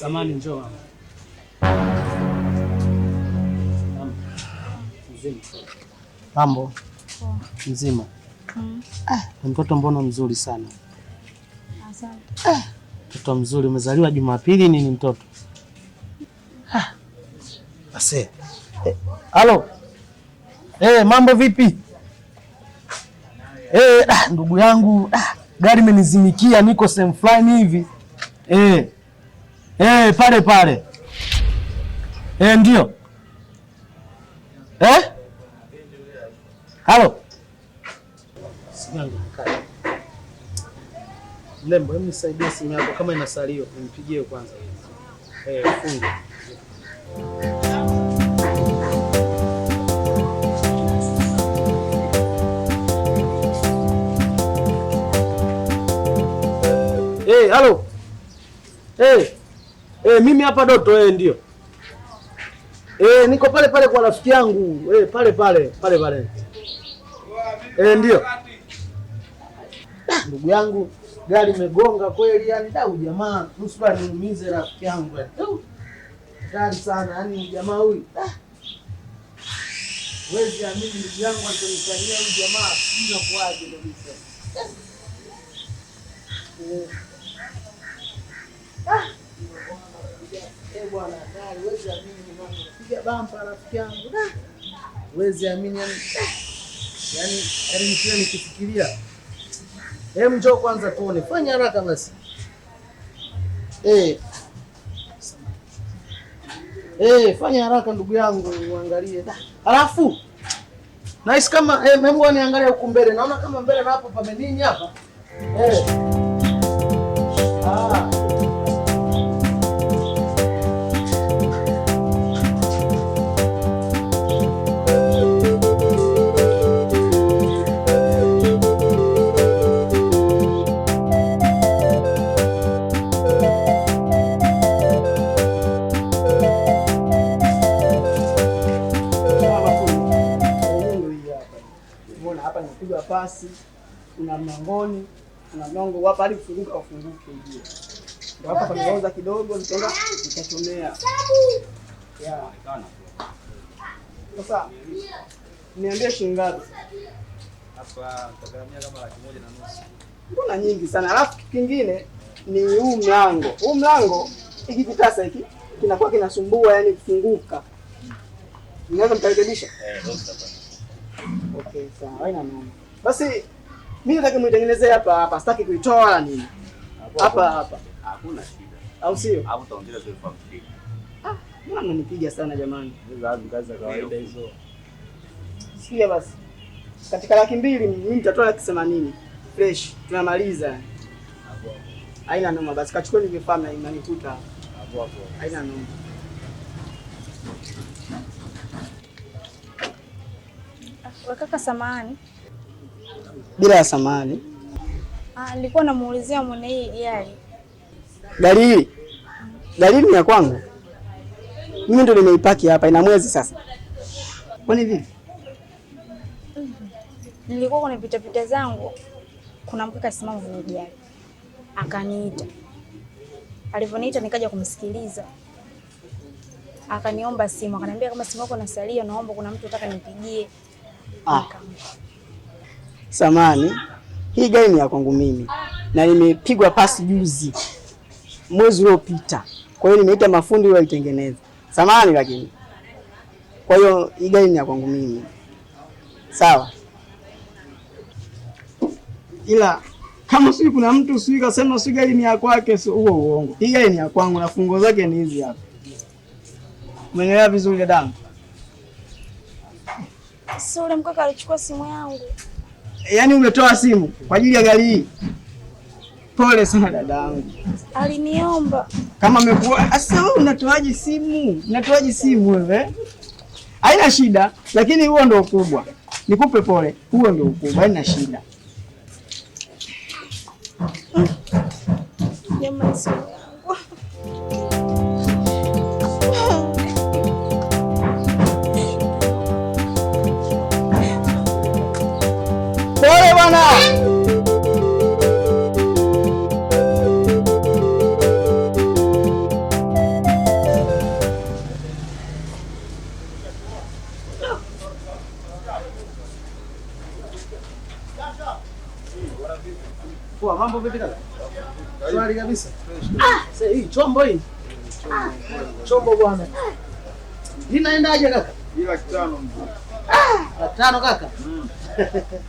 Samani, njoo mambo oh. mzima. Mm. Ah, mtoto mbona mzuri sana ah. mtoto ah, mzuri. Umezaliwa Jumapili nini mtoto? Ah. Ase. Eh, halo. alo. eh, mambo vipi? Eh, ah, ndugu yangu ah, gari imenizimikia, niko sehemu fulani hivi eh. Eh, pale pale. Eh, ndio. Eh? Halo. Lembo, hebu nisaidie simu yako kama inasalio, nipigie kwanza. Eh, funga. Eh, halo. Eh. Eh, mimi hapa Doto eh, ndio. Eh, niko pale pale kwa rafiki yangu eh, pale pale pale pale eh, ndio ndugu yangu, gari imegonga kweli, yani dau jamaa nusura niumize rafiki yangu gari eh. sana, yani jamaa huyu ah. wezi amini ndugu yangu alichonisaidia huyu jamaa inakuaje kabisa. Eh. Ah eh bwana, piga bampa rafiki yangu, huwezi amini yani, yani yani kila nikifikiria. Hem, njoo kwanza tuone, fanya haraka basi eh. Eh, fanya haraka ndugu yangu uangalie. Halafu nahisi kama eh, hebu niangalia huku mbele, naona kama mbele na hapo pameninya hapa eh. Ah. nafasi, kuna Mlangoni, kuna Mlongo hapa, hadi kufunguka ufunguke hiyo. Ndio hapa panauza kidogo, nitaenda nitachomea. Sasa niambie shilingi ngapi? Hapa tutagamia kama laki moja na nusu. Mbona nyingi sana? Alafu kingine ni huu mlango. Huu mlango hiki kitasa hiki kinakuwa kinasumbua yani kufunguka. Unaweza mtarekebisha? Eh, ndio. Okay, sawa. Haina noma. Basi mimi nataka mnitengenezee hapa hapa, sitaki kuitoa wala nini. Hapa hapa. Hakuna shida. Au sio? Au utaongeza zile kwa mpigo. Ah, mbona mnanipiga sana jamani? Hizo hazi kazi za kawaida hizo. Sikia basi. Katika laki mbili mimi nitatoa laki themanini. Fresh, tunamaliza. Haina noma basi, kachukueni vifaa na Hapo hapo. Haina noma. Wakaka samani bila ya samani. Ah, nilikuwa namuulizia mwana hii gari. Gari hii gari ni ya kwangu mimi, ndo nimeipaki hapa, ina mwezi sasa. Kwani vipi? Nilikuwa kwenye pitapita zangu, kuna mke kasimama kwenye gari akaniita. Alivyoniita nikaja kumsikiliza, akaniomba simu, akaniambia kama simu yako nasalia, naomba kuna mtu nataka nipigie. ah. Nika samani. Hii gari ni ya kwangu mimi na nimepigwa pasi juzi mwezi uliopita, kwa hiyo nimeita mafundi waitengeneze samani, lakini kwa hiyo hii gari ni ya kwangu mimi sawa, ila kama sijui kuna mtu sijui kasema sijui gari ni ya kwake, huo uongo. Hii gari ni ya kwangu na fungo zake ni hizi hapa. Umeelewa vizuri dadangu? Sule mkaka alichukua simu yangu yaani umetoa simu kwa ajili ya gari hii. Pole sana dadangu. Aliniomba. Kama amekuwa sasa wewe unatoaje simu? Unatoaje simu wewe? Haina shida, lakini huo ndio ukubwa. Nikupe pole. Huo ndio ukubwa, haina shida. Jamani, Ole bwana. Kwa mambo vipi kaka? Swali kabisa. Ah, hii chombo hii. Chombo bwana. Linaendaje kaka? Ila kitano mzee. Ah, tano kaka. Mm.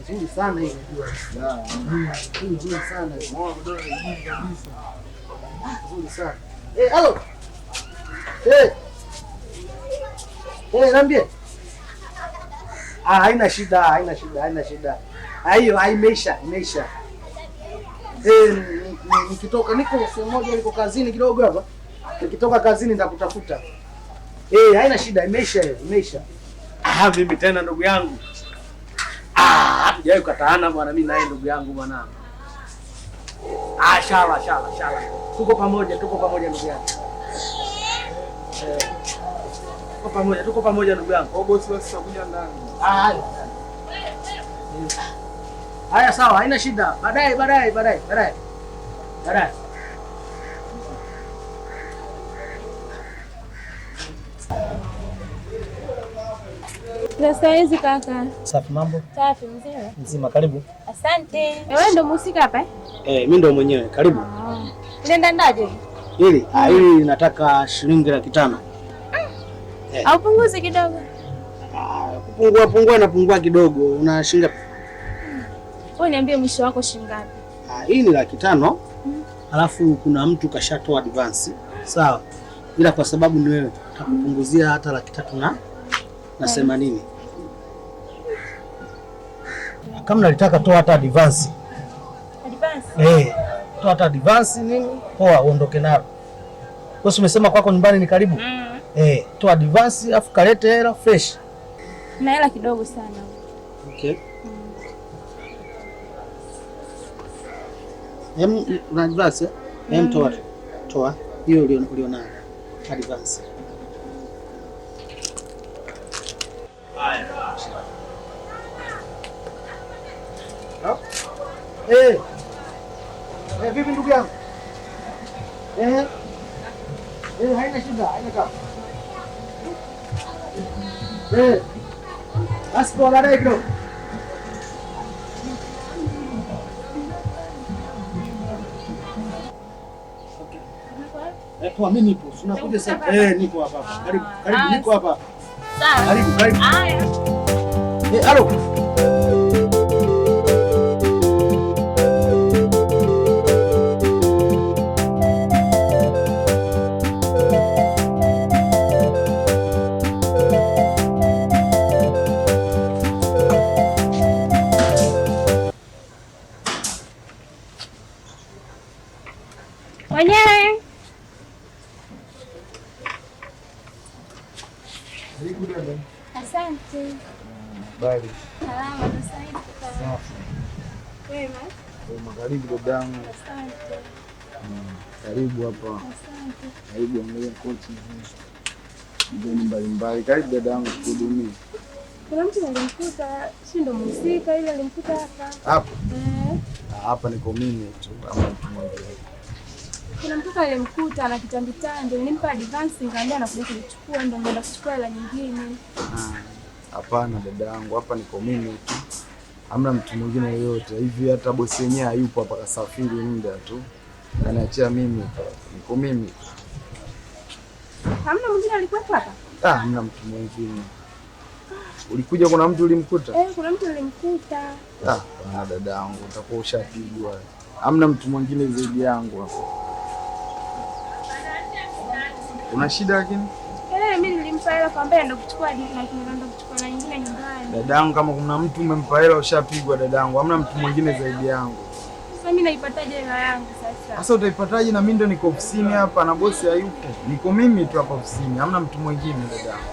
nzuri sana hiyo, nzuri sana nzuri sana. Eh, halo. Eh. Eh, niambie. Ah, haina shida, haina shida, haina shida. Ah, hiyo haimeisha, ah, imeisha. Eh, nikitoka niko sehemu moja, niko kazini kidogo hapa. Nikitoka kazini nitakutafuta. Eh, haina shida, imeisha hiyo, imeisha. Ah, mimi tena ndugu yangu. Ah, hatujawahi kukataana bwana, mimi naye ndugu yangu bwana. Ah, shala shala shala. Tuko pamoja, tuko pamoja ndugu yangu. Eh. Tuko pamoja, tuko pamoja ndugu yangu. Kwa bosi wewe sasa ndani. Ah, Haya sawa, haina shida. Baadaye, baadaye, baadaye, baadaye. Baadaye. Na saizi kaka. Safi mambo? Safi mzima. Mzima karibu. Asante. Wewe ndio mhusika hapa eh? Eh, mimi ndio mwenyewe. Karibu. Ah. ndaje? Hili, ah hili nataka shilingi laki tano. Mm. Eh. Au punguze kidogo. Ah, kupungua pungua na pungua kidogo. Una shilingi mm. Wewe niambie mwisho wako shilingi ngapi? Ah, hii ni laki tano. Mm. Alafu kuna mtu kashatoa advance. Sawa. Ila kwa sababu ni wewe, takupunguzia hata laki tatu na Nasema nini? Kama nalitaka toa hata advance. Advance? Eh, toa hata advance nini? Poa, uondoke nalo. Wewe umesema kwako nyumbani ni karibu? Mm. Eh, toa advance afu kalete hela fresh. Na hela kidogo sana. Okay. Hem, mm. advance? Hem, eh? mm. toa. Toa. Hiyo ulionayo. Advance. Eh. Eh, vipi ndugu yangu? Eh. Eh, haina shida, haina kama. Eh. Basi kwa dada kidogo. Eh, kwa mimi nipo. Unakuja sasa. Eh, nipo hapa. Karibu, karibu niko hapa. Karibu, karibu. Ah, eh, alo. Mwenyewe asante. Habari? Salama. karibu dadangu. Mm, karibu hapa. Karibu angalia kochi mgeni mbalimbali. Karibu dadangu, kuhudumia. Kuna mtu alimkuta, si ndo mhusika ile alimkuta hapa? Eh. Hapa niko mimi tu ama mtu mwingine? Kuna mtoto alimkuta na kitambitambi, nilimpa advance nikamwambia anakuja kuchukua, ndio nenda kuchukua hela nyingine. Ah, hapana dada yangu, hapa niko mimi tu, hamna mtu mwingine yoyote hivi. Hata bosi yenyewe hayupo hapa, kasafiri muda tu, kaniachia mimi, niko mimi. Hamna mwingine alikuwa hapa? Ah, hamna mtu mwingine. Ulikuja, kuna mtu ulimkuta? Eh, kuna mtu ulimkuta. Ah, dada yangu, utakuwa ushapigwa. Hamna mtu mwingine zaidi yangu hapa. Una shida lakini? Eh, mimi nilimpa hela kwa mbele ndo kuchukua na ndo kuchukua na nyingine nyumbani. Dadangu, kama kuna mtu umempa hela ushapigwa dadangu. Hamna mtu mwingine zaidi yangu. Sasa mimi naipataje hela yangu sasa? Sasa utaipataje na mimi ndo niko ofisini hapa na bosi hayupo. Niko mimi tu hapa ofisini. Hamna mtu mwingine dadangu.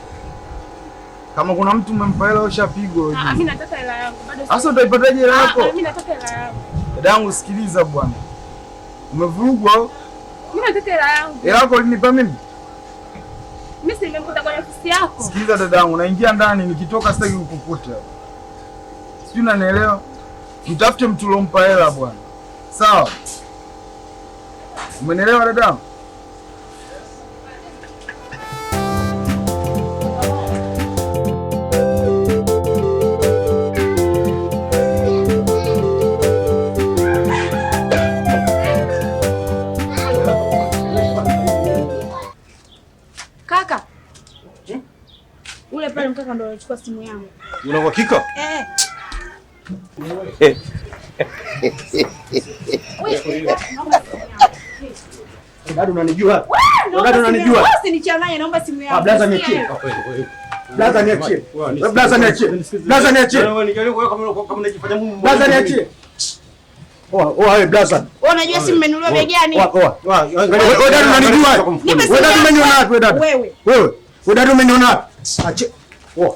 Kama kuna mtu umempa hela ushapigwa. Ah, mimi nataka hela yangu. Bado sasa utaipataje hela yako? mimi ah, ah, nataka hela yangu. Dadangu, sikiliza bwana. Umevurugwa? Mimi nataka hela yangu. Hela yako ulinipa mimi? Mimi si nimekuta kwenye ofisi yako. Sikiliza dadangu, naingia ndani, nikitoka sitaki kukukuta. Sijui unanielewa? Mtafute mtu lompa hela bwana. Sawa? Umenielewa dadangu? alichukua simu yangu. Una uhakika? Eh. eh. Bado unanijua? Bado unanijua? Usinichanganye, naomba simu yangu. Blaza niachie. Blaza niachie. Blaza niachie. Blaza niachie. Blaza Oa, oa blaza. Wewe unajua simu imenunuliwa bei gani? Oa, oa. Wewe dada unanijua? Wewe dada umeniona wapi wewe dada? Wewe. Wewe. Wewe dada umeniona wapi? Achie. Oa.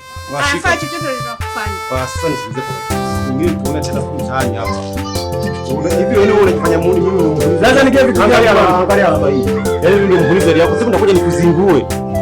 Anafanya sasa nikae vitu gani hapa? Angalia Yaani ndio mkulizo yako. Sasa nikuzingue.